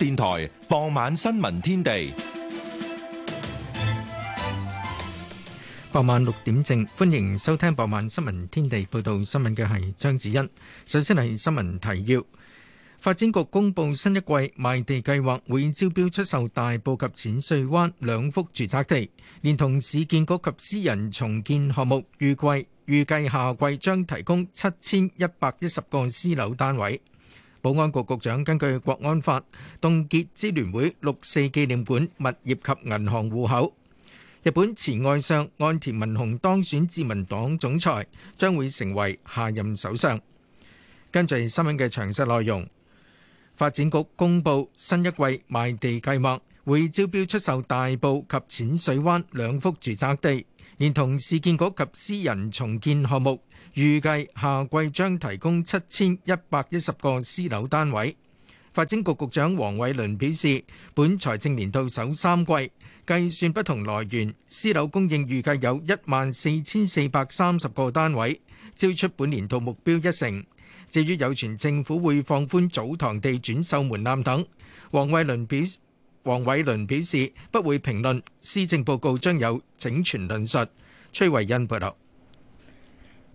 電台傍晚新聞天地，傍晚六點正，歡迎收聽傍晚新聞天地。報道新聞嘅係張子欣。首先係新聞提要：發展局公布新一季賣地計劃，會招標出售大埔及淺水灣兩幅住宅地，連同市建局及私人重建項目，預計預計下季將提供七千一百一十個私樓單位。保安局局長根據國安法凍結支聯會六四紀念館物業及銀行戶口。日本前外相岸田文雄當選自民黨總裁，將會成為下任首相。根據新聞嘅詳細內容，發展局公布新一季賣地計劃，會招標出售大埔及淺水灣兩幅住宅地，連同市建局及私人重建項目。預計下季將提供七千一百一十個私樓單位。發展局局長黃偉綸表示，本財政年度首三季計算不同來源私樓供應，預計有一萬四千四百三十個單位，超出本年度目標一成。至於有傳政府會放寬祖堂地轉售門檻等，黃偉綸表黃偉綸表示不會評論。施政報告將有整全論述。崔慧欣報道。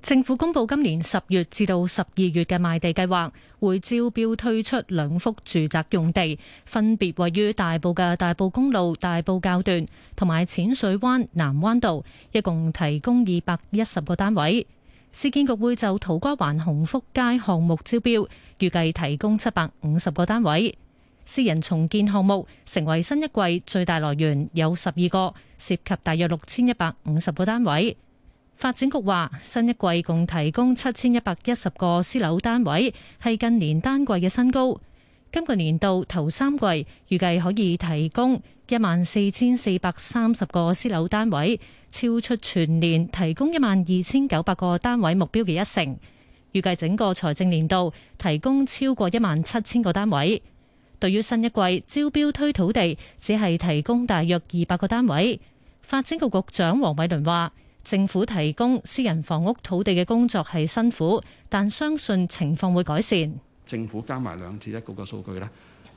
政府公佈今年十月至到十二月嘅賣地計劃，會招標推出兩幅住宅用地，分別位於大埔嘅大埔公路大埔滘段同埋淺水灣南灣道，一共提供二百一十個單位。市建局會就土瓜灣鴻福街項目招標，預計提供七百五十個單位。私人重建項目成為新一季最大來源，有十二個，涉及大約六千一百五十個單位。發展局話，新一季共提供七千一百一十個私樓單位，係近年單季嘅新高。今個年度頭三季預計可以提供一萬四千四百三十個私樓單位，超出全年提供一萬二千九百個單位目標嘅一成。預計整個財政年度提供超過一萬七千個單位。對於新一季招標推土地，只係提供大約二百個單位。發展局局長黃偉綸話。政府提供私人房屋土地嘅工作係辛苦，但相信情況會改善。政府加埋兩至一個嘅數據咧，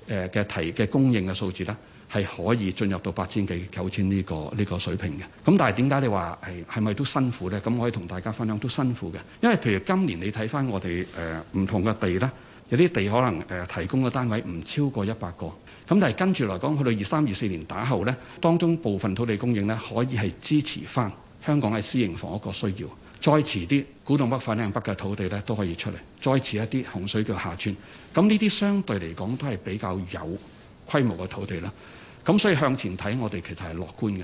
誒嘅提嘅供應嘅數字咧，係可以進入到八千幾九千呢個呢個水平嘅。咁但係點解你話，係係咪都辛苦咧？咁可以同大家分享都辛苦嘅，因為譬如今年你睇翻我哋誒唔同嘅地咧，有啲地可能誒提供嘅單位唔超過一百個。咁但係跟住嚟講去到二三、二四年打後咧，當中部分土地供應咧可以係支持翻，香港係私營房屋個需要，再遲啲古洞北、粉嶺北嘅土地咧都可以出嚟，再遲一啲洪水橋下村，咁呢啲相對嚟講都係比較有規模嘅土地啦。咁所以向前睇，我哋其實係樂觀嘅。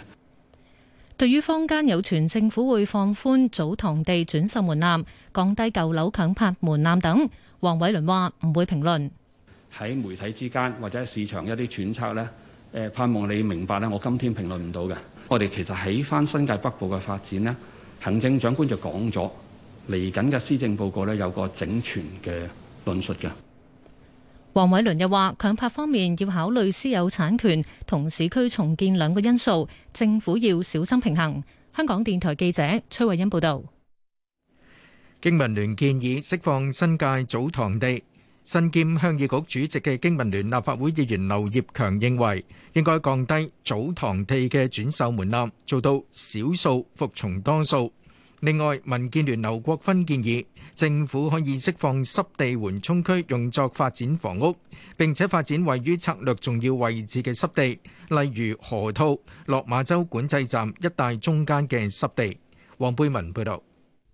對於坊間有傳政府會放寬祖堂地轉售門檻、降低舊樓強拍門檻等，黃偉綸話唔會評論。喺媒體之間或者市場一啲揣測咧，誒、呃、盼望你明白咧，我今天評論唔到嘅。我哋其實喺翻新界北部嘅發展咧，行政長官就講咗，嚟緊嘅施政報告咧有個整全嘅論述嘅。黃偉倫又話：強拍方面要考慮私有產權同市區重建兩個因素，政府要小心平衡。香港電台記者崔慧欣報道，經民聯建議釋放新界祖堂地。身兼鄉議局主席嘅經民聯立法會議員劉業強認為，應該降低祖堂地嘅轉售門檻，做到少數服從多數。另外，民建聯劉國勳建議，政府可以釋放濕地緩衝區用作發展房屋，並且發展位於策略重要位置嘅濕地，例如河套、落馬洲管制站一帶中間嘅濕地。黃貝文報道，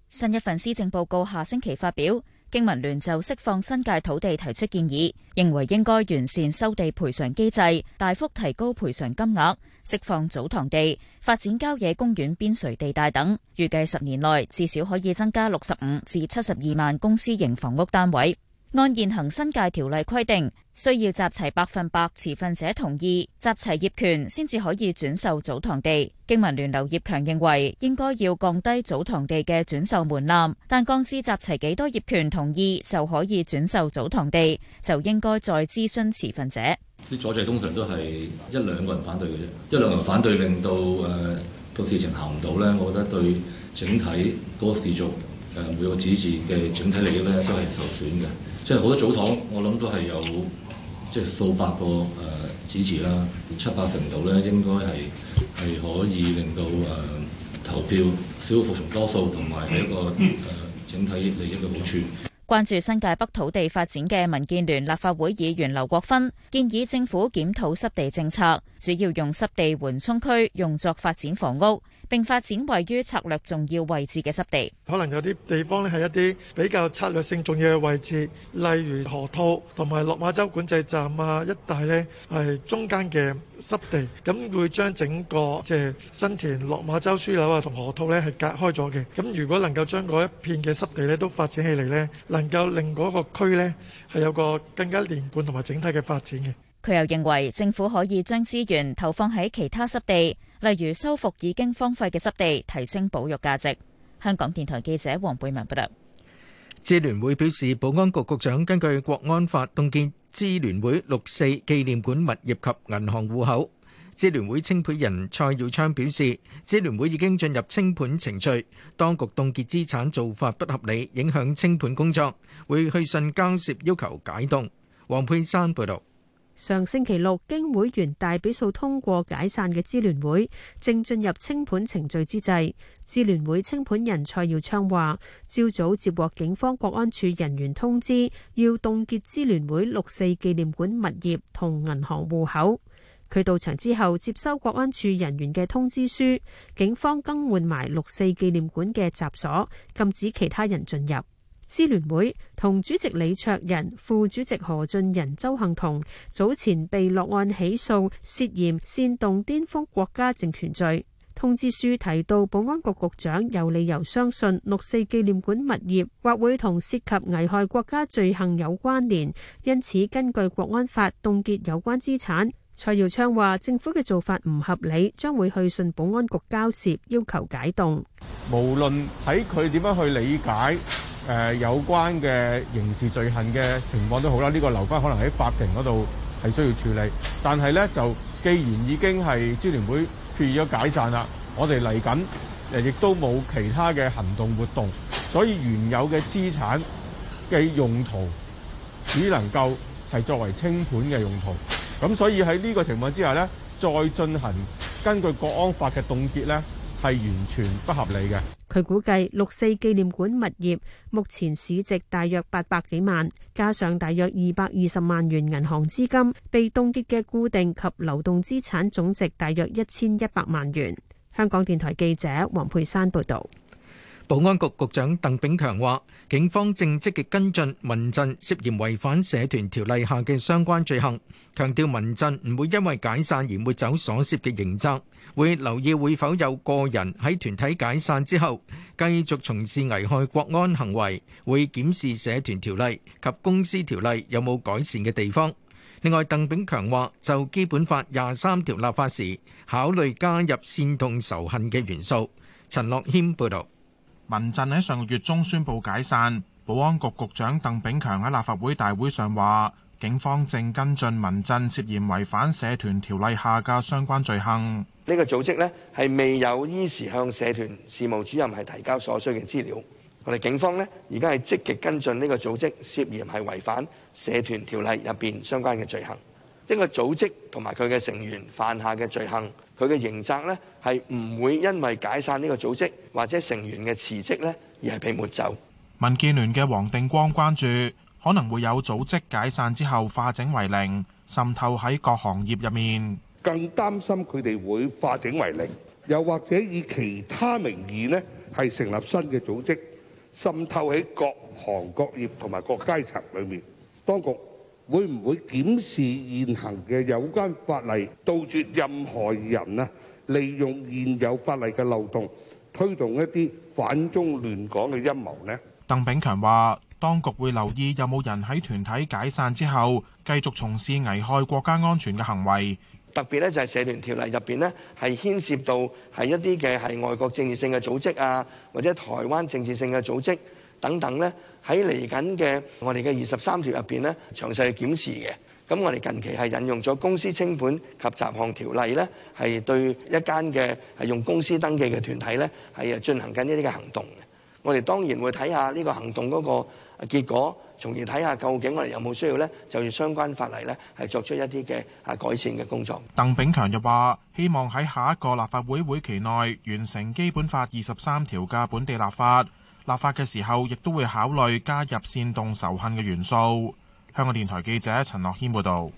新一份施政報告下星期發表。經文聯就釋放新界土地提出建議，認為應該完善收地賠償機制，大幅提高賠償金額，釋放祖堂地，發展郊野公園邊陲地帶等，預計十年內至少可以增加六十五至七十二萬公私營房屋單位。按現行新界條例規定，需要集齊百分百持份者同意，集齊業權先至可以轉售祖堂地。經民聯劉業強認為應該要降低祖堂地嘅轉售門檻，但降至集齊幾多業權同意就可以轉售祖堂地，就應該再諮詢持份者。啲阻制通常都係一兩個人反對嘅啫，一兩個人反對令到誒個、呃、事情行唔到咧。我覺得對整體嗰個氏族誒每個指示嘅整體利益咧都係受損嘅。即係好多組堂，我諗都係有即係數百個誒、呃、支持啦，七八成度咧應該係係可以令到誒、呃、投票少數服從多數，同埋係一個誒、呃、整體利益嘅好處。關注新界北土地發展嘅民建聯立法會議員劉國勳建議政府檢討濕地政策，主要用濕地緩衝區用作發展房屋。並發展位於策略重要位置嘅濕地，可能有啲地方呢係一啲比較策略性重要嘅位置，例如河套同埋落馬洲管制站啊，一帶呢係中間嘅濕地，咁會將整個即係新田落馬洲樞紐啊同河套呢係隔開咗嘅。咁如果能夠將嗰一片嘅濕地呢都發展起嚟呢，能夠令嗰個區呢係有個更加連貫同埋整體嘅發展嘅。佢又認為政府可以將資源投放喺其他濕地。例如修復已經荒廢嘅濕地，提升保育價值。香港電台記者黃佩文報道。支聯會表示，保安局局長根據國安法凍結支聯會六四紀念館物業及銀行戶口。支聯會清盤人蔡耀昌表示，支聯會已經進入清盤程序，當局凍結資產做法不合理，影響清盤工作，會去信交涉要求解凍。黃佩珊報道。上星期六，經會員大比數通過解散嘅支聯會，正進入清盤程序之際。支聯會清盤人蔡耀昌話，朝早接獲警方國安處人員通知，要凍結支聯會六四紀念館物業同銀行戶口。佢到場之後，接收國安處人員嘅通知書，警方更換埋六四紀念館嘅閘鎖，禁止其他人進入。支聯會同主席李卓人、副主席何俊仁、鄒幸彤早前被落案起訴，涉嫌煽動顛覆國家政權罪。通知書提到，保安局局長有理由相信六四紀念館物業或會同涉及危害國家罪行有關聯，因此根據國安法凍結有關資產。蔡耀昌話：政府嘅做法唔合理，將會去信保安局交涉，要求解凍。無論喺佢點樣去理解。誒、呃、有關嘅刑事罪行嘅情況都好啦，呢、這個留翻可能喺法庭嗰度係需要處理。但係咧，就既然已經係支聯會決議咗解散啦，我哋嚟緊誒亦都冇其他嘅行動活動，所以原有嘅資產嘅用途只能夠係作為清盤嘅用途。咁所以喺呢個情況之下咧，再進行根據國安法嘅凍結咧，係完全不合理嘅。佢估計六四紀念館物業目前市值大約八百幾萬，加上大約二百二十萬元銀行資金被凍結嘅固定及流動資產總值大約一千一百萬元。香港電台記者黃佩珊報道。保安局局長鄧炳強話，警方正積極跟進民陣涉嫌違反社團條例下嘅相關罪行，強調民陣唔會因為解散而抹走所涉嘅刑責，會留意會否有個人喺團體解散之後繼續從事危害國安行為，會檢視社團條例及公司條例有冇改善嘅地方。另外，鄧炳強話就《基本法》廿三條立法時，考慮加入煽動仇恨嘅元素。陳樂謙報道。民陣喺上個月中宣布解散，保安局局長鄧炳強喺立法會大會上話，警方正跟進民陣涉嫌違反社團條例下嘅相關罪行。呢個組織呢，係未有依時向社團事務主任係提交所需嘅資料，我哋警方呢，而家係積極跟進呢個組織涉嫌係違反社團條例入邊相關嘅罪行，呢個組織同埋佢嘅成員犯下嘅罪行。佢嘅刑責呢，係唔會因為解散呢個組織或者成員嘅辭職呢，而係被抹走。民建聯嘅黃定光關注可能會有組織解散之後化整為零，滲透喺各行業入面，更擔心佢哋會化整為零，又或者以其他名義呢，係成立新嘅組織，滲透喺各行各業同埋各階層裏面。當局，會唔會檢視現行嘅有關法例，杜絕任何人啊利用現有法例嘅漏洞，推動一啲反中亂港嘅陰謀咧？鄧炳強話：當局會留意有冇人喺團體解散之後，繼續從事危害國家安全嘅行為。特別咧就係社團條例入邊咧，係牽涉到係一啲嘅係外國政治性嘅組織啊，或者台灣政治性嘅組織等等咧。喺嚟緊嘅我哋嘅二十三條入邊呢，詳細嘅檢視嘅。咁我哋近期係引用咗公司清盤及雜項條例呢，係對一間嘅係用公司登記嘅團體呢，係啊進行緊一啲嘅行動嘅。我哋當然會睇下呢個行動嗰個結果，從而睇下究竟我哋有冇需要呢，就相關法例呢係作出一啲嘅啊改善嘅工作。鄧炳強又話：希望喺下一個立法會會期內完成基本法二十三條嘅本地立法。立法嘅時候，亦都會考慮加入煽動仇恨嘅元素。香港電台記者陳樂軒報導。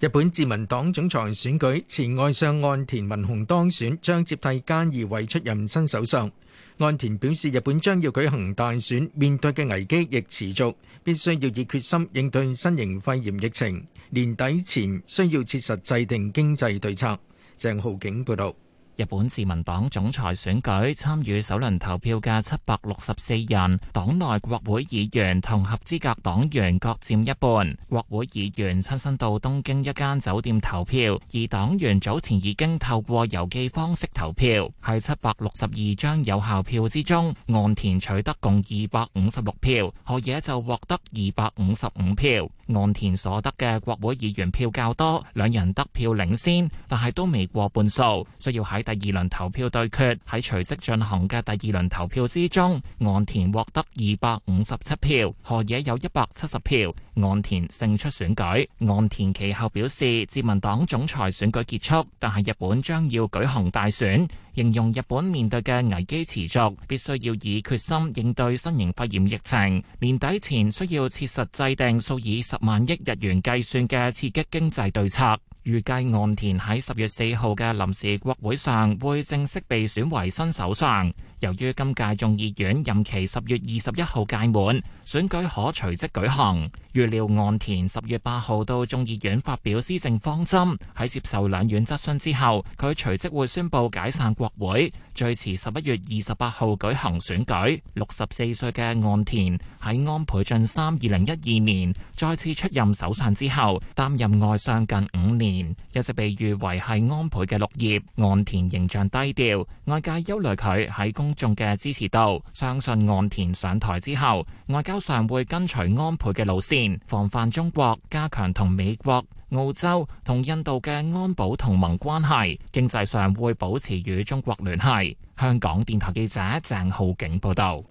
日本自民黨總裁選舉，前外相岸田文雄當選，將接替菅義偉出任新首相。岸田表示，日本將要舉行大選，面對嘅危機亦持續，必須要以決心應對新型肺炎疫情。年底前需要切實制定經濟對策。鄭浩景報導。日本自民黨總裁選舉參與首輪投票嘅七百六十四人，黨內國會議員同合資格黨員各佔一半。國會議員親身到東京一間酒店投票，而黨員早前已經透過郵寄方式投票。係七百六十二張有效票之中，岸田取得共二百五十六票，河野就獲得二百五十五票。岸田所得嘅國會議員票較多，兩人得票領先，但係都未過半數，需要喺第二輪投票對決。喺隨即進行嘅第二輪投票之中，岸田獲得二百五十七票，河野有一百七十票，岸田勝出選舉。岸田其後表示，自民黨總裁選舉結束，但係日本將要舉行大選，形容日本面對嘅危機持續，必須要以決心應對新型肺炎疫情，年底前需要切實制定數以十萬億日元計算嘅刺激經濟對策。預計岸田喺十月四號嘅臨時國會上會正式被選為新首相。由於今屆眾議院任期十月二十一號屆滿，選舉可隨即舉行。預料岸田十月八號到眾議院發表施政方針，喺接受兩院質詢之後，佢隨即會宣布解散國會，最遲十一月二十八號舉行選舉。六十四歲嘅岸田喺安倍晉三二零一二年再次出任首相之後，擔任外相近五年，一直被譽為係安倍嘅綠葉。岸田形象低調，外界憂慮佢喺公眾嘅支持度，相信岸田上台之後，外交上會跟隨安倍嘅路線，防範中國，加強同美國、澳洲同印度嘅安保同盟關係；經濟上會保持與中國聯繫。香港電台記者鄭浩景報道：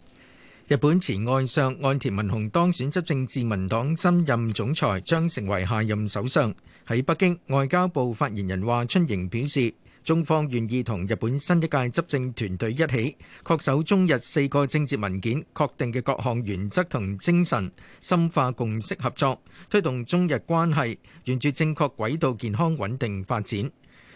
日本前外相岸田文雄當選執政自民黨新任總裁，將成為下任首相。喺北京，外交部發言人華春瑩表示。中方願意同日本新一屆執政團隊一起，確守中日四個政治文件確定嘅各項原則同精神，深化共識合作，推動中日關係沿住正確軌道健康穩定發展。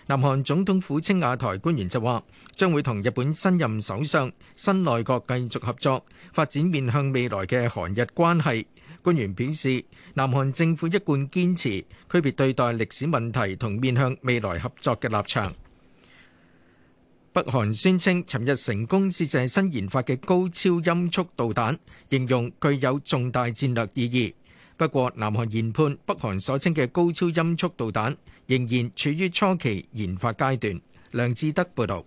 南韓總統府青瓦台官員就話，將會同日本新任首相、新內閣繼續合作，發展面向未來嘅韓日關係。官員表示，南韓政府一貫堅持區別對待歷史問題同面向未來合作嘅立場。北韓宣稱，尋日成功試射新研發嘅高超音速導彈，形容具有重大戰略意義。不過，南韓研判北韓所稱嘅高超音速導彈仍然處於初期研發階段。梁志德報導，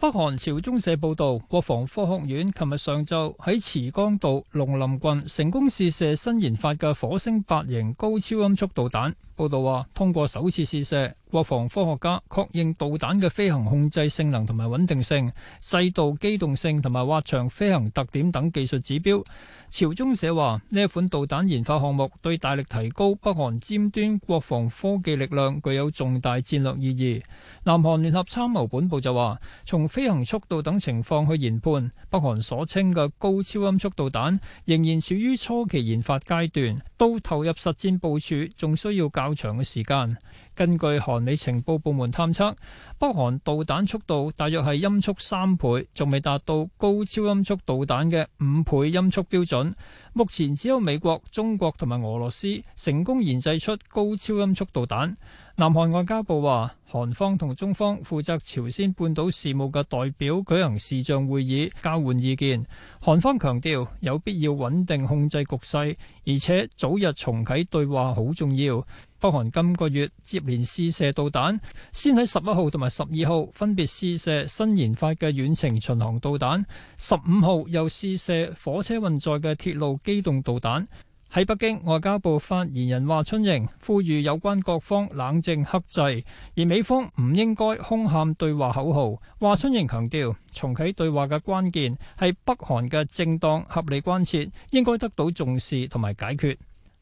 北韓朝中社報導，國防科學院琴日上晝喺慈江道龍林郡成功試射新研發嘅火星八型高超音速導彈。報道話，通過首次試射，國防科學家確認導彈嘅飛行控制性能同埋穩定性、細度機動性同埋滑翔飛行特點等技術指標。朝中社話，呢一款導彈研發項目對大力提高北韓尖端國防科技力量具有重大戰略意義。南韓聯合參謀本部就話，從飛行速度等情況去研判，北韓所稱嘅高超音速導彈仍然處於初期研發階段，到投入實戰部署仲需要較。較長嘅時間，根據韓美情報部門探測，北韓導彈速度大約係音速三倍，仲未達到高超音速導彈嘅五倍音速標準。目前只有美國、中國同埋俄羅斯成功研製出高超音速導彈。南韓外交部話，韓方同中方負責朝鮮半島事務嘅代表舉行視像會議，交換意見。韓方強調有必要穩定控制局勢，而且早日重啟對話好重要。北韓今個月接連試射導彈，先喺十一號同埋十二號分別試射新研發嘅遠程巡航導彈，十五號又試射火車運載嘅鐵路機動導彈。喺北京，外交部發言人華春瑩呼籲有關各方冷靜克制，而美方唔應該空喊對話口號。華春瑩強調，重啟對話嘅關鍵係北韓嘅正當合理關切應該得到重視同埋解決。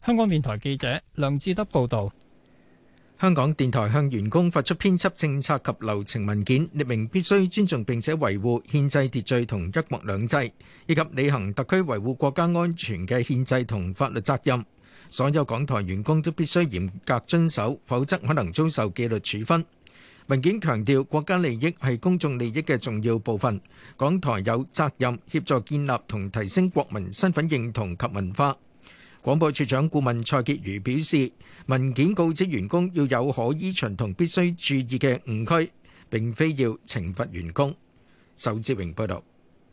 香港電台記者梁志德報道，香港電台向員工發出編輯政策及流程文件，列明必須尊重並且維護憲制秩序同一國兩制，以及履行特區維護國家安全嘅憲制同法律責任。所有港台員工都必須嚴格遵守，否則可能遭受紀律處分。文件強調，國家利益係公眾利益嘅重要部分，港台有責任協助建立同提升國民身份認同及文化。廣播處長顧問蔡潔如表示，文件告知員工要有可依循同必須注意嘅誤區，並非要懲罰員工。仇志榮報導。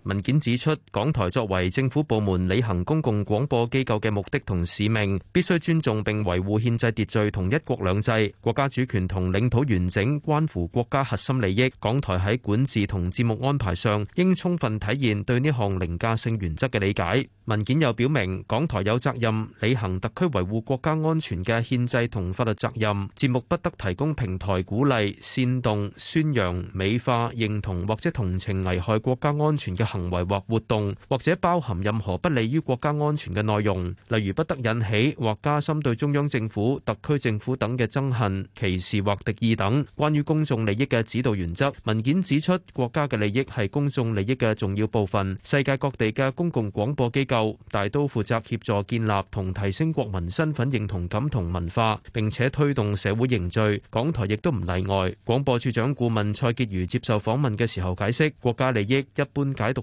文件指出，港台作為政府部門履行公共廣播機構嘅目的同使命，必須尊重並維護憲制秩序同一國兩制、國家主權同領土完整，關乎國家核心利益。港台喺管治同節目安排上，應充分體現對呢項凌駕性原則嘅理解。文件又表明，港台有責任履行特區維護國家安全嘅憲制同法律責任，節目不得提供平台鼓勵煽動宣揚美化認同或者同情危害國家安全嘅行為或活動，或者包含任何不利於國家安全嘅內容，例如不得引起或加深對中央政府、特區政府等嘅憎恨、歧視或敵意等。關於公眾利益嘅指導原則，文件指出國家嘅利益係公眾利益嘅重要部分。世界各地嘅公共廣播機構大都負責協助建立同提升國民身份認同感同文化，並且推動社會凝聚，港台亦都唔例外。廣播處長顧問蔡潔如接受訪問嘅時候解釋，國家利益一般解讀。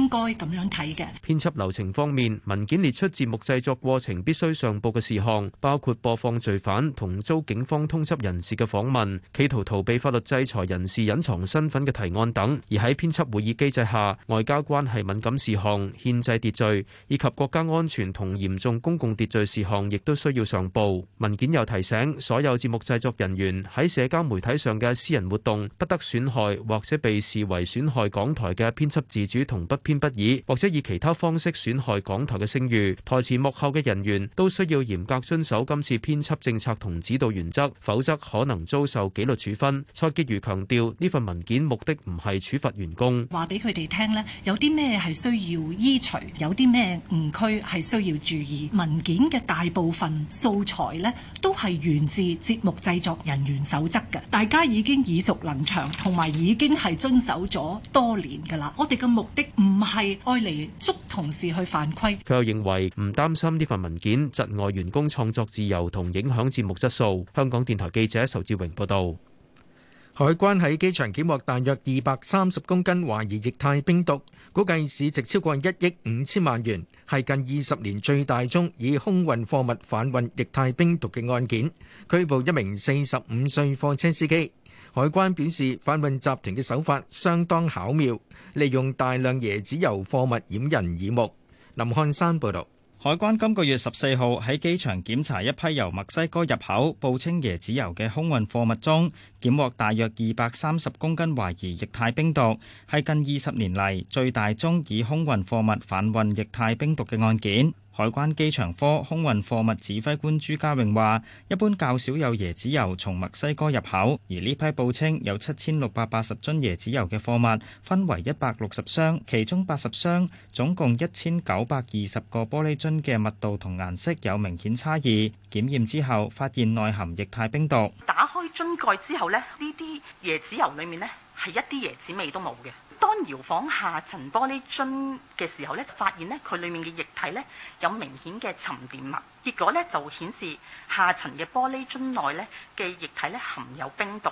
應該咁樣睇嘅。編輯流程方面，文件列出節目製作過程必須上報嘅事項，包括播放罪犯同遭警方通緝人士嘅訪問、企圖逃避法律制裁人士隱藏身份嘅提案等。而喺編輯會議機制下，外交關係敏感事項、憲制秩序以及國家安全同嚴重公共秩序事項亦都需要上報。文件又提醒，所有節目製作人員喺社交媒體上嘅私人活動不得損害或者被視為損害港台嘅編輯自主同不。偏不已，或者以其他方式損害港台嘅聲譽。台前幕後嘅人員都需要嚴格遵守今次編輯政策同指導原則，否則可能遭受紀律處分。蔡潔如強調，呢份文件目的唔係處罰員工，話俾佢哋聽咧，有啲咩係需要依除，有啲咩誤區係需要注意。文件嘅大部分素材咧都係源自節目製作人員守則嘅，大家已經耳熟能詳，同埋已經係遵守咗多年噶啦。我哋嘅目的唔唔係愛嚟捉同事去犯規。佢又認為唔擔心呢份文件窒礙員工創作自由同影響節目質素。香港電台記者仇志榮報道。海關喺機場檢獲大約二百三十公斤懷疑液態冰毒，估計市值超過一億五千萬元，係近二十年最大宗以空運貨物販運液態冰毒嘅案件，拘捕一名四十五歲貨車司機。海關表示，販運集團嘅手法相當巧妙，利用大量椰子油貨物掩人耳目。林漢山報道，海關今個月十四號喺機場檢查一批由墨西哥入口報稱椰子油嘅空運貨物中，檢獲大約二百三十公斤懷疑液態冰毒，係近二十年嚟最大宗以空運貨物販運液態冰毒嘅案件。海關機場科空運貨物指揮官朱家榮話，一般較少有椰子油從墨西哥入口，而呢批報稱有七千六百八十樽椰子油嘅貨物，分為一百六十箱，其中八十箱，總共一千九百二十個玻璃樽嘅密度同顏色有明顯差異。檢驗之後發現內含液態冰毒。打開樽蓋之後呢，呢啲椰子油裏面呢，係一啲椰子味都冇嘅。當搖晃下層玻璃樽嘅時候咧，就發現咧佢裡面嘅液體咧有明顯嘅沉澱物，結果咧就顯示下層嘅玻璃樽內咧嘅液體咧含有冰毒，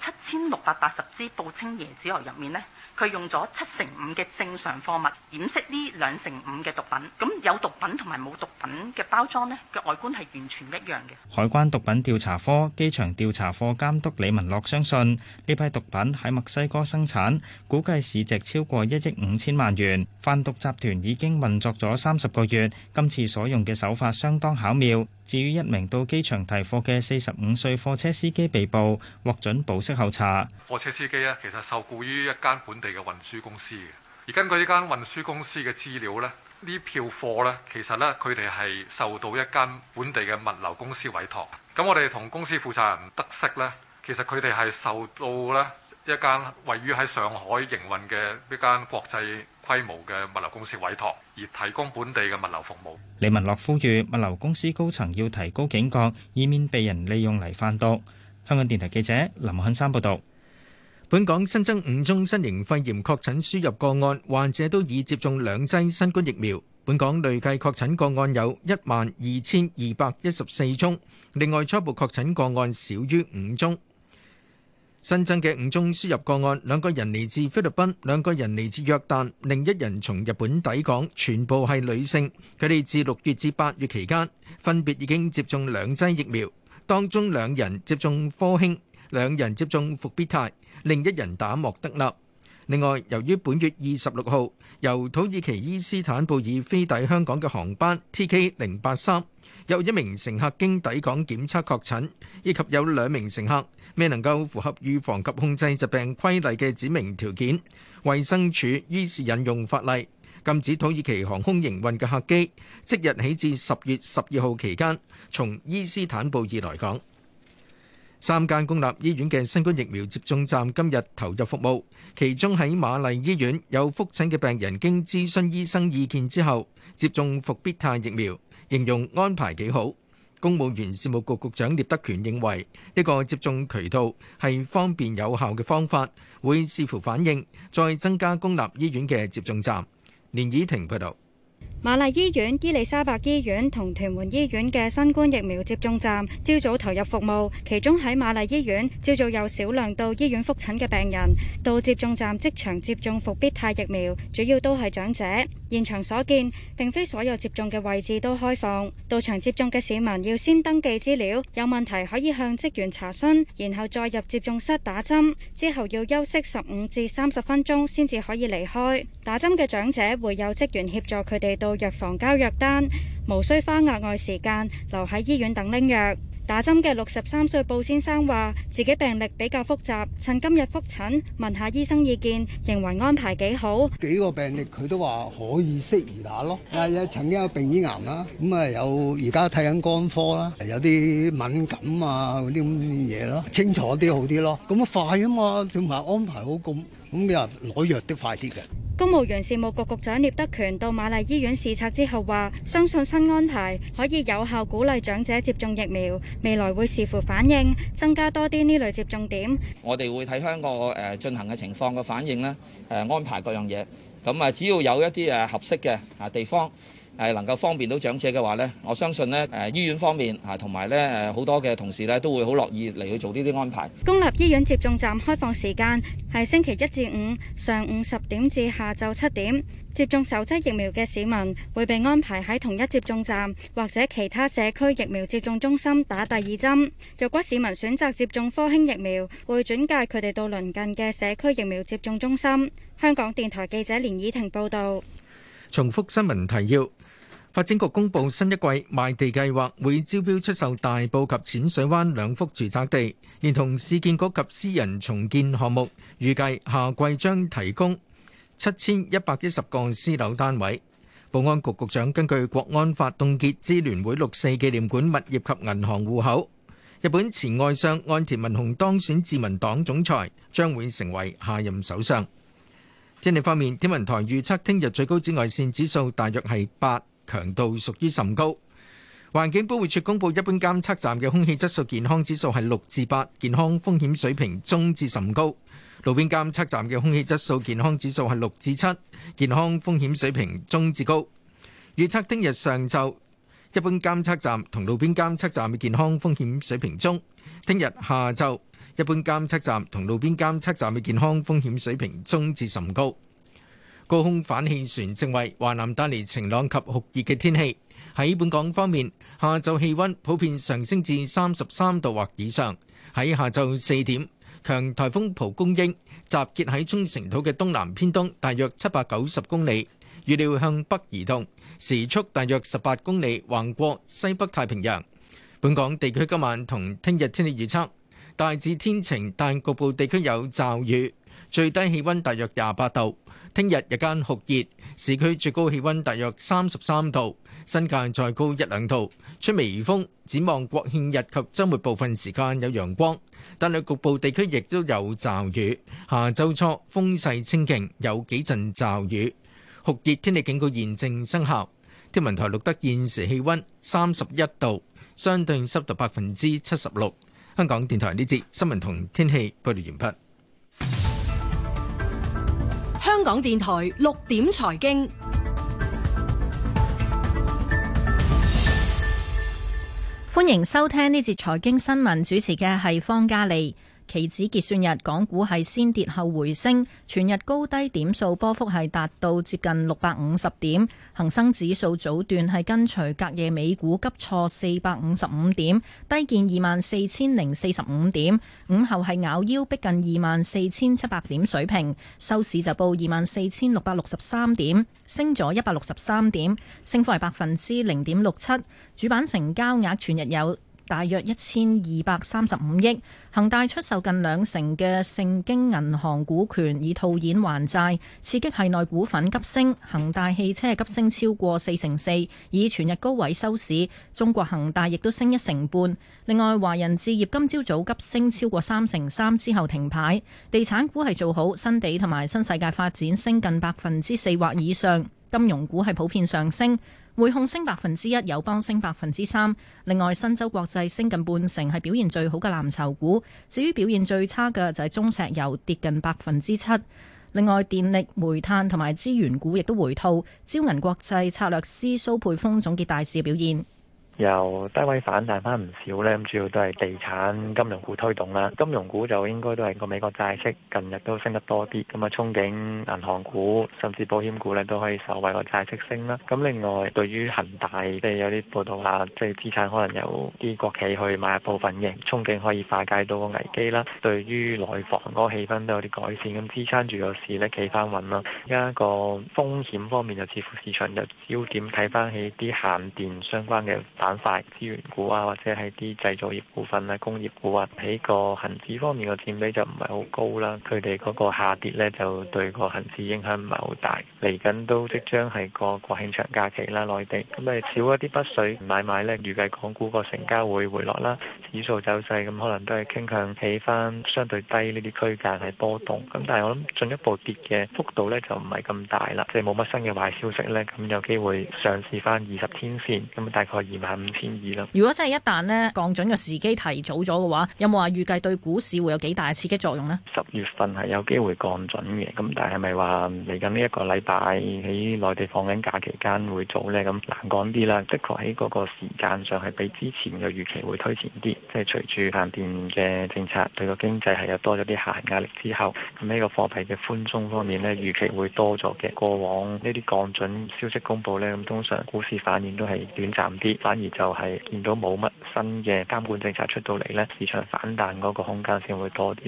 七千六百八十支報稱椰子油入面咧。佢用咗七成五嘅正常貨物掩飾呢兩成五嘅毒品，咁有毒品同埋冇毒品嘅包裝呢嘅外觀係完全一樣嘅。海關毒品調查科機場調查課監督李文樂相信呢批毒品喺墨西哥生產，估計市值超過一億五千萬元。販毒集團已經運作咗三十個月，今次所用嘅手法相當巧妙。至於一名到機場提貨嘅四十五歲貨車司機被捕，獲准保釋候查。貨車司機咧其實受雇於一間本地。地嘅運輸公司嘅，而根據呢間運輸公司嘅資料咧，呢票貨咧其實咧佢哋係受到一間本地嘅物流公司委託。咁我哋同公司負責人得悉咧，其實佢哋係受到咧一間位於喺上海營運嘅一間國際規模嘅物流公司委託，而提供本地嘅物流服務。李文樂呼籲物流公司高層要提高警覺，以免被人利用嚟販毒。香港電台記者林慶山報道。本港新增五宗新型肺炎確診輸入個案，患者都已接種兩劑新冠疫苗。本港累計確診個案有一萬二千二百一十四宗，另外初步確診個案少於五宗。新增嘅五宗輸入個案，兩個人嚟自菲律賓，兩個人嚟自約旦，另一人從日本抵港，全部係女性。佢哋自六月至八月期間分別已經接種兩劑疫苗，當中兩人接種科興，兩人接種複必泰。另一人打莫德納。另外，由於本月二十六號由土耳其伊斯坦布爾飛抵香港嘅航班 TK 零八三，有一名乘客經抵港檢測確診，以及有兩名乘客未能夠符合預防及控制疾病規例嘅指明條件，衛生署於是引用法例禁止土耳其航空營運嘅客機即日起至十月十二號期間從伊斯坦布爾來港。三間公立醫院嘅新冠疫苗接種站今日投入服務，其中喺瑪麗醫院有覆診嘅病人，經諮詢醫生意見之後，接種復必泰疫苗，形容安排幾好。公務員事務局局長聶德權認為呢個接種渠道係方便有效嘅方法，會視乎反應再增加公立醫院嘅接種站。連以婷報道。瑪麗醫院、伊利沙伯醫院同屯門醫院嘅新冠疫苗接種站，朝早投入服務。其中喺瑪麗醫院，朝早有少量到醫院覆診嘅病人到接種站即場接種復必泰疫苗，主要都係長者。現場所見，並非所有接種嘅位置都開放。到場接種嘅市民要先登記資料，有問題可以向職員查詢，然後再入接種室打針。之後要休息十五至三十分鐘先至可以離開。打針嘅長者會有職員協助佢哋到。藥房交藥單，無需花額外時間留喺醫院等拎藥。打針嘅六十三歲布先生話，自己病歷比較複雜，趁今日復診問下醫生意見，認為安排幾好。幾個病歷佢都話可以適宜打咯。啊，有曾經有鼻咽癌啦，咁啊有而家睇緊肝科啦，有啲敏感啊嗰啲咁嘢咯，清楚啲好啲咯，咁啊快啊嘛，仲唔係安排好咁？咁又攞藥都快啲嘅。公務員事務局局長聶德權到瑪麗醫院視察之後話，相信新安排可以有效鼓勵長者接種疫苗，未來會視乎反應，增加多啲呢類接種點。我哋會睇香港誒進行嘅情況嘅反應咧，誒安排各樣嘢。咁啊，只要有一啲誒合適嘅啊地方。是能夠方便到講者的話呢，我相信呢，醫院方面，還有還有很多的同事呢，都會很洛義來做這些安排。公立醫院接種站開放時間，是星期一至五，上五十點至下周七點。接種手機疫苗的市民，會被安排在同一接種站，或者其他社區疫苗接種中心打第二增。如果市民選擇接種科星疫苗，會轉介他們到倫敦的社區疫苗接種中心。香港電台記者聯以亭報道。重複新聞提到，發展局公布新一季賣地計劃，會招標出售大埔及淺水灣兩幅住宅地，連同市建局及私人重建項目，預計下季將提供七千一百一十個私樓單位。保安局局長根據國安法凍結支聯會六四紀念館物業及銀行戶口。日本前外相岸田文雄當選自民黨總裁，將會成為下任首相。天氣方面，天文台預測聽日最高紫外線指數大約係八。強度屬於甚高，環境保護署公布一般監測站嘅空氣質素健康指數係六至八，健康風險水平中至甚高；路邊監測站嘅空氣質素健康指數係六至七，健康風險水平中至高。預測聽日上晝一般監測站同路邊監測站嘅健康風險水平中；聽日下晝一般監測站同路邊監測站嘅健康風險水平中至甚高。高空反氣旋正為華南帶來晴朗及酷熱嘅天氣。喺本港方面，下晝氣温普遍上升至三十三度或以上。喺下晝四點，強颱風蒲公英集結喺沖繩島嘅東南偏東，大約七百九十公里，預料向北移動，時速大約十八公里，橫過西北太平洋。本港地區今晚同聽日天氣預測大致天晴，但局部地區有驟雨，最低氣温大約廿八度。聽日日間酷熱，市區最高氣溫大約三十三度，新界再高一兩度，吹微風。展望國慶日及周末部分時間有陽光，但係局部地區亦都有驟雨。下周初風勢清勁，有幾陣驟雨。酷熱天氣警告現正生效。天文台錄得現時氣温三十一度，相對濕度百分之七十六。香港電台呢節新聞同天氣報道完畢。香港電台六點財經，歡迎收聽呢節財經新聞，主持嘅係方嘉利。期指結算日，港股係先跌後回升，全日高低點數波幅係達到接近六百五十點。恒生指數早段係跟隨隔夜美股急挫四百五十五點，低見二萬四千零四十五點。午後係咬腰逼近二萬四千七百點水平，收市就報二萬四千六百六十三點，升咗一百六十三點，升幅係百分之零點六七。主板成交額全日有，大約一千二百三十五億，恒大出售近兩成嘅盛京銀行股權以套現還債，刺激係內股份急升，恒大汽車急升超過四成四，以全日高位收市。中國恒大亦都升一成半。另外，華人置業今朝早早急升超過三成三之後停牌。地產股係做好，新地同埋新世界發展升近百分之四或以上。金融股係普遍上升。匯控升百分之一，友邦升百分之三。另外，新洲國際升近半成，係表現最好嘅藍籌股。至於表現最差嘅就係中石油跌近百分之七。另外，電力、煤炭同埋資源股亦都回吐。招銀國際策略師蘇佩峰總結大市嘅表現。由低位反彈翻唔少咧，咁主要都係地產、金融股推動啦。金融股就應該都係個美國債息近日都升得多啲，咁啊，憧憬銀行股甚至保險股咧都可以受惠個債息升啦。咁另外對於恒大，即係有啲報道話，即係資產可能有啲國企去買一部分嘅憧憬，可以化解到個危機啦。對於內房嗰個氣氛都有啲改善，咁支撐住個市咧企翻穩啦。而家個風險方面就似乎市場就焦點睇翻起啲限電相關嘅。板塊、資源股啊，或者係啲製造業股份啊、工業股啊，喺個恒指方面個佔比就唔係好高啦。佢哋嗰個下跌咧，就對個恒指影響唔係好大。嚟緊都即將係個國慶長假期啦，內地咁咪少一啲北水買賣咧，預計港股個成交會回落啦，指數走勢咁可能都係傾向起翻相對低呢啲區間係波動。咁但係我諗進一步跌嘅幅度咧就唔係咁大啦，即係冇乜新嘅壞消息咧，咁有機會上試翻二十天線，咁大概二萬。五千二啦。如果真係一旦呢降準嘅時機提早咗嘅話，有冇話預計對股市會有幾大刺激作用呢？十月份係有機會降準嘅，咁但係係咪話嚟緊呢一個禮拜喺內地放緊假期間會早呢？咁難講啲啦。的確喺嗰個時間上係比之前嘅預期會推前啲，即係隨住限電嘅政策對個經濟係有多咗啲下行壓力之後，咁呢個貨幣嘅寬鬆方面呢，預期會多咗嘅。過往呢啲降準消息公布呢，咁通常股市反應都係短暫啲，反而。就係見到冇乜新嘅監管政策出到嚟呢，市場反彈嗰個空間先會多啲。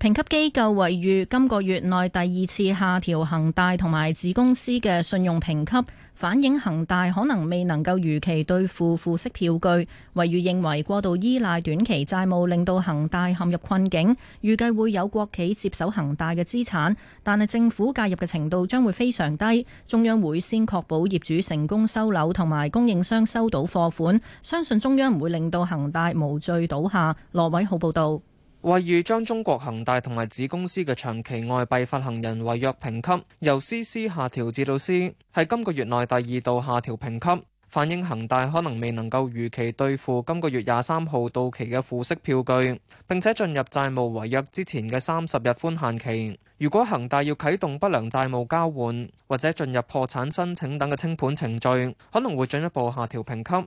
評級機構惠譽今個月內第二次下調恒大同埋子公司嘅信用評級。反映恒大可能未能夠如期兌付付息票據，惠譽認為過度依賴短期債務令到恒大陷入困境，預計會有國企接手恒大嘅資產，但係政府介入嘅程度將會非常低，中央會先確保業主成功收樓同埋供應商收到貨款，相信中央唔會令到恒大無序倒下。羅偉浩報道。惠譽將中國恒大同埋子公司嘅長期外幣發行人違約評級由 CC 下調至到 C，係今個月內第二度下調評級，反映恒大可能未能夠如期兌付今個月廿三號到期嘅付息票據，並且進入債務違約之前嘅三十日寬限期。如果恒大要啟動不良債務交換或者進入破產申請等嘅清盤程序，可能會進一步下調評級。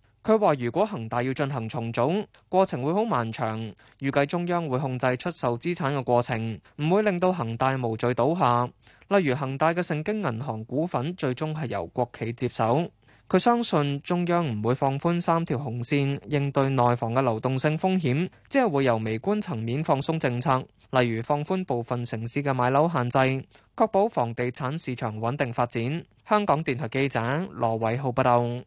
佢話：如果恒大要進行重組，過程會好漫長，預計中央會控制出售資產嘅過程，唔會令到恒大無序倒下。例如，恒大嘅盛京銀行股份最終係由國企接手。佢相信中央唔會放寬三條紅線，應對內房嘅流動性風險，即係會由微觀層面放鬆政策，例如放寬部分城市嘅買樓限制，確保房地產市場穩定發展。香港電台記者羅偉浩報道。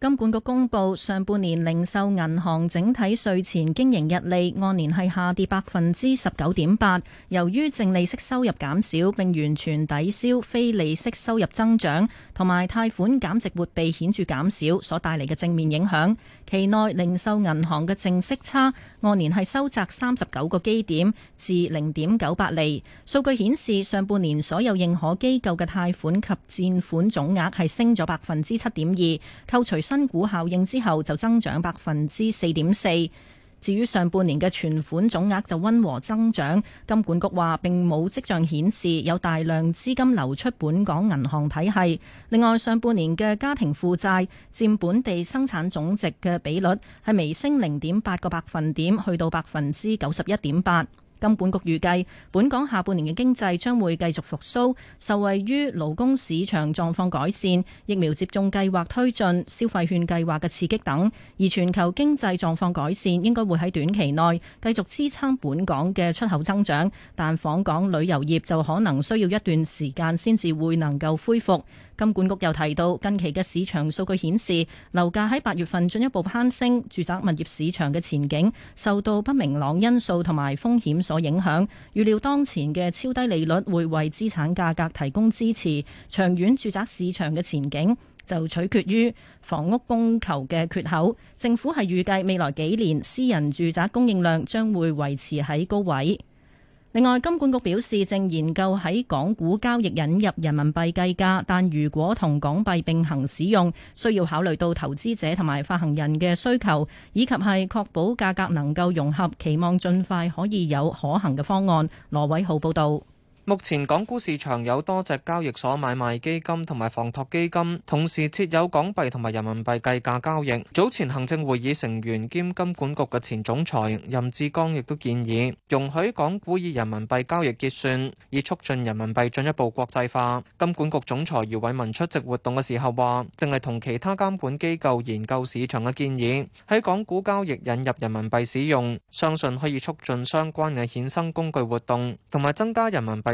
金管局公布上半年零售銀行整體稅前經營溢利按年係下跌百分之十九點八，由於淨利息收入減少，並完全抵消非利息收入增長。同埋貸款減值撥備顯著減少所帶嚟嘅正面影響，期內零售銀行嘅淨息差按年係收窄三十九個基點至零點九八厘。數據顯示上半年所有認可機構嘅貸款及佔款總額係升咗百分之七點二，扣除新股效應之後就增長百分之四點四。至於上半年嘅存款總額就溫和增長，金管局話並冇跡象顯示有大量資金流出本港銀行體系。另外，上半年嘅家庭負債佔本地生產總值嘅比率係微升零點八個百分點，去到百分之九十一點八。金管局預計，本港下半年嘅經濟將會繼續復甦，受惠於勞工市場狀況改善、疫苗接種計劃推進、消費券計劃嘅刺激等。而全球經濟狀況改善應該會喺短期內繼續支撐本港嘅出口增長，但訪港旅遊業就可能需要一段時間先至會能夠恢復。金管局又提到，近期嘅市場數據顯示樓價喺八月份進一步攀升，住宅物業市場嘅前景受到不明朗因素同埋風險所影響，預料當前嘅超低利率會為資產價格提供支持，長遠住宅市場嘅前景就取決於房屋供求嘅缺口。政府係預計未來幾年私人住宅供應量將會維持喺高位。另外，金管局表示正研究喺港股交易引入人民幣計價，但如果同港幣並行使用，需要考慮到投資者同埋發行人嘅需求，以及係確保價格能夠融合，期望盡快可以有可行嘅方案。羅偉豪報道。目前港股市場有多隻交易所買賣基金同埋房託基金，同時設有港幣同埋人民幣計價交易。早前行政會議成員兼金管局嘅前總裁任志剛亦都建議容許港股以人民幣交易結算，以促進人民幣進一步國際化。金管局總裁余偉文出席活動嘅時候話，正係同其他監管機構研究市場嘅建議，喺港股交易引入人民幣使用，相信可以促進相關嘅衍生工具活動，同埋增加人民幣。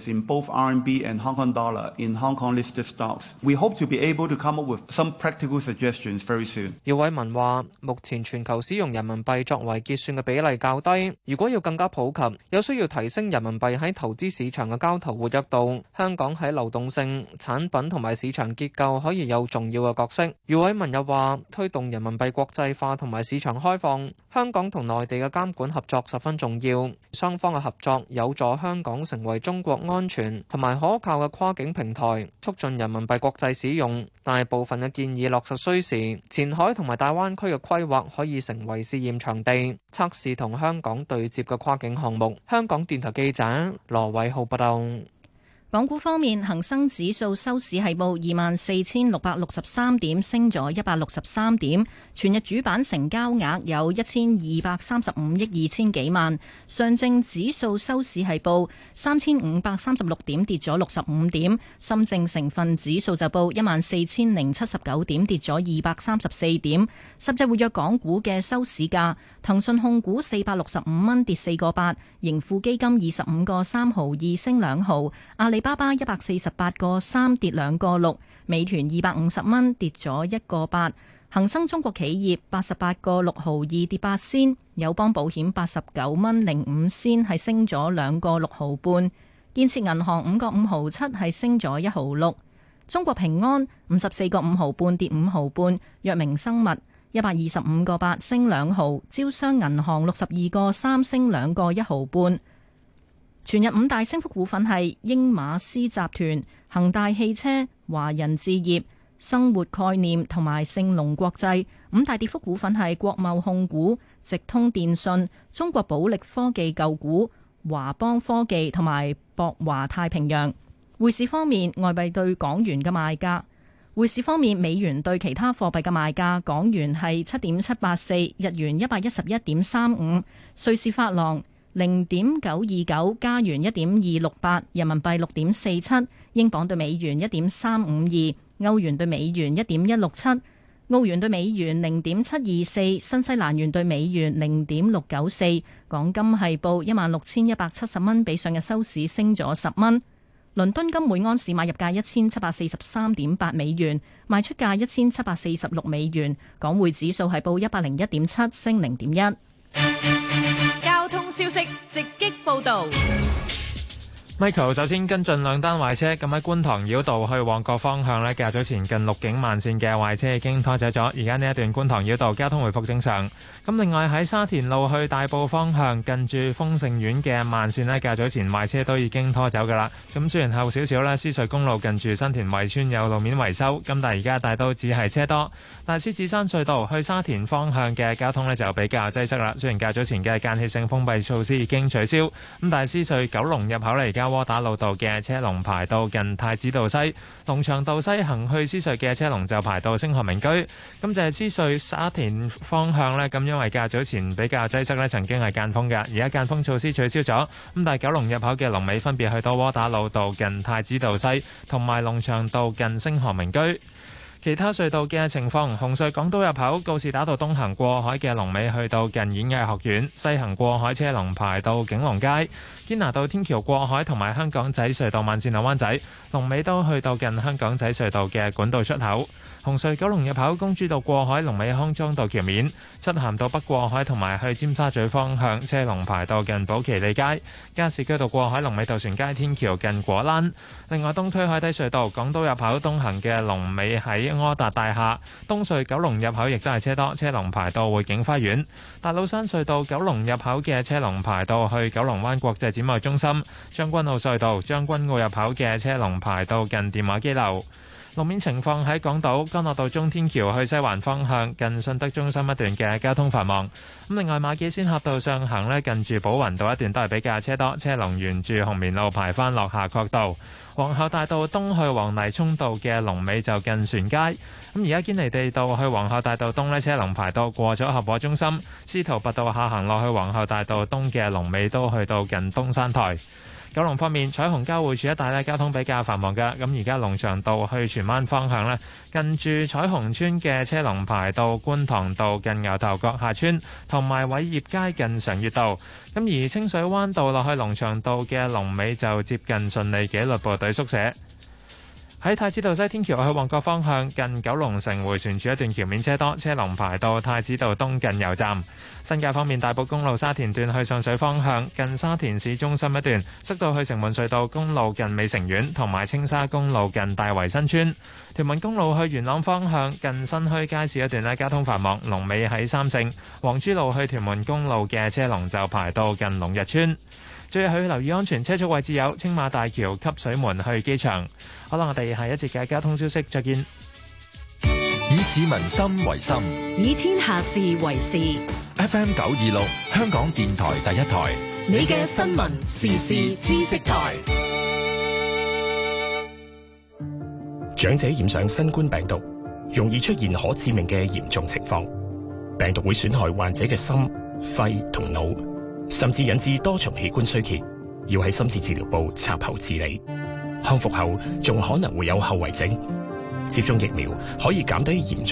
在 both RMB and Hong Kong dollar in Hong Kong listed stocks, we hope to be able to come up with some practical suggestions very soon. 余偉文話：目前全球使用人民幣作為結算嘅比例較低，如果要更加普及，有需要提升人民幣喺投資市場嘅交投活躍度。香港喺流動性、產品同埋市場結構可以有重要嘅角色。余偉文又話：推動人民幣國際化同埋市場開放，香港同內地嘅監管合作十分重要，雙方嘅合作有助香港成為中國安全同埋可靠嘅跨境平台，促進人民幣國際使用。大部分嘅建議落實需時，前海同埋大灣區嘅規劃可以成為試驗場地，測試同香港對接嘅跨境項目。香港電台記者羅偉浩報道。港股方面，恒生指數收市係報二萬四千六百六十三點，升咗一百六十三點。全日主板成交額有一千二百三十五億二千幾萬。上證指數收市係報三千五百三十六點，跌咗六十五點。深證成分指數就報一萬四千零七十九點，跌咗二百三十四點。十隻活躍港股嘅收市價。騰訊控股四百六十五蚊跌四個八，盈富基金二十五個三毫二升兩毫，阿里巴巴一百四十八個三跌兩個六，美團二百五十蚊跌咗一個八，恒生中國企業八十八個六毫二跌八仙，友邦保險八十九蚊零五仙係升咗兩個六毫半，建設銀行五個五毫七係升咗一毫六，中國平安五十四個五毫半跌五毫半，藥明生物。一百二十五個八升兩毫，招商銀行六十二個三升兩個一毫半。全日五大升幅股份係英馬斯集團、恒大汽車、華人置業、生活概念同埋盛隆國際。五大跌幅股份係國貿控股、直通電訊、中國寶力科技舊股、華邦科技同埋博華太平洋。匯市方面，外幣對港元嘅賣價。匯市方面，美元對其他貨幣嘅賣價，港元係七點七八四，日元一百一十一點三五，瑞士法郎零點九二九，加元一點二六八，人民幣六點四七，英鎊兌美元一點三五二，歐元兌美元一點一六七，澳元兌美元零點七二四，新西蘭元兌美元零點六九四。港金係報一萬六千一百七十蚊，比上日收市升咗十蚊。倫敦金每安士買入價一千七百四十三點八美元，賣出價一千七百四十六美元。港匯指數係報一百零一點七，升零點一。交通消息直擊報道。Michael 首先跟進兩單壞車，咁喺觀塘繞道去旺角方向咧，較早前近鹿景慢線嘅壞車已經拖走咗，而家呢一段觀塘繞道交通回復正常。咁另外喺沙田路去大埔方向近住豐盛苑嘅慢線咧，較早前壞車都已經拖走㗎喇。咁轉後少少呢獅隧公路近住新田圍村有路面維修，咁但係而家大都只係車多。但係獅子山隧道去沙田方向嘅交通呢，就比較擠塞啦。雖然較早前嘅間歇性封閉措施已經取消，咁但係獅隧九龍入口嚟交。窩打老道嘅車龍排到近太子道西，龍翔道西行去獅隧嘅車龍就排到星河明居。咁就係獅隧沙田方向呢。咁因為較早前比較擠塞呢，曾經係間封嘅，而家間封措施取消咗。咁但係九龍入口嘅龍尾分別去到窩打老道近太子道西，同埋龍翔道近星河明居。其他隧道嘅情況，紅隧港島入口告士打道東行過海嘅龍尾去到近演藝學院，西行過海車龍排到景隆街。到天拿道天橋過海同埋香港仔隧道慢線落灣仔龍尾都去到近香港仔隧道嘅管道出口。紅隧九龍入口公主道過海龍尾康莊道橋面，漆咸到北過海同埋去尖沙咀方向車龍排到近寶其利街。加士居道過海龍尾渡船街天橋近果欄。另外東區海底隧道港島入口東行嘅龍尾喺柯達大廈。東隧九龍入口亦都係車多，車龍排到匯景花園。大老山隧道九龍入口嘅車龍排到去九龍灣國際展貿中心，將軍澳隧道將軍澳入口嘅車龍排到近電話機樓。路面情況喺港島干諾道中天橋去西環方向，近信德中心一段嘅交通繁忙。咁另外馬己仙峽道上行咧，近住寶雲道一段都係比較車多，車龍沿住紅棉路排返落夏慤道。皇后大道東去黃泥涌道嘅龍尾就近船街。咁而家堅尼地道去皇后大道東咧，車龍排到過咗合和中心。司徒拔道下行落去皇后大道東嘅龍尾都去到近東山台。九龍方面，彩虹交匯處一帶咧，交通比較繁忙嘅。咁而家龍翔道去荃灣方向咧，近住彩虹村嘅車龍排到觀塘道近牛頭角下村，同埋偉業街近常悅道。咁而清水灣道落去龍翔道嘅龍尾就接近順利紀律部隊宿舍。喺太子道西天橋去旺角方向，近九龍城回旋處一段橋面車多，車龍排到太子道東近油站。新界方面，大埔公路沙田段去上水方向，近沙田市中心一段塞到去城門隧道公路近美城苑，同埋青沙公路近大圍新村。屯門公路去元朗方向，近新墟街市一段呢交通繁忙，龍尾喺三聖。黃珠路去屯門公路嘅車龍就排到近龍日村。最好留意安全車速位置有青馬大橋、汲水門去機場。好啦，我哋下一節嘅交通消息，再見。以市民心為心，以天下事為事。FM 九二六，香港電台第一台，你嘅新聞時事知識台。長者染上新冠病毒，容易出現可致命嘅嚴重情況。病毒會損害患者嘅心、肺同腦。甚至引致多重器官衰竭，要喺深切治療部插喉治理。康復後仲可能會有後遺症，接種疫苗可以減低嚴重。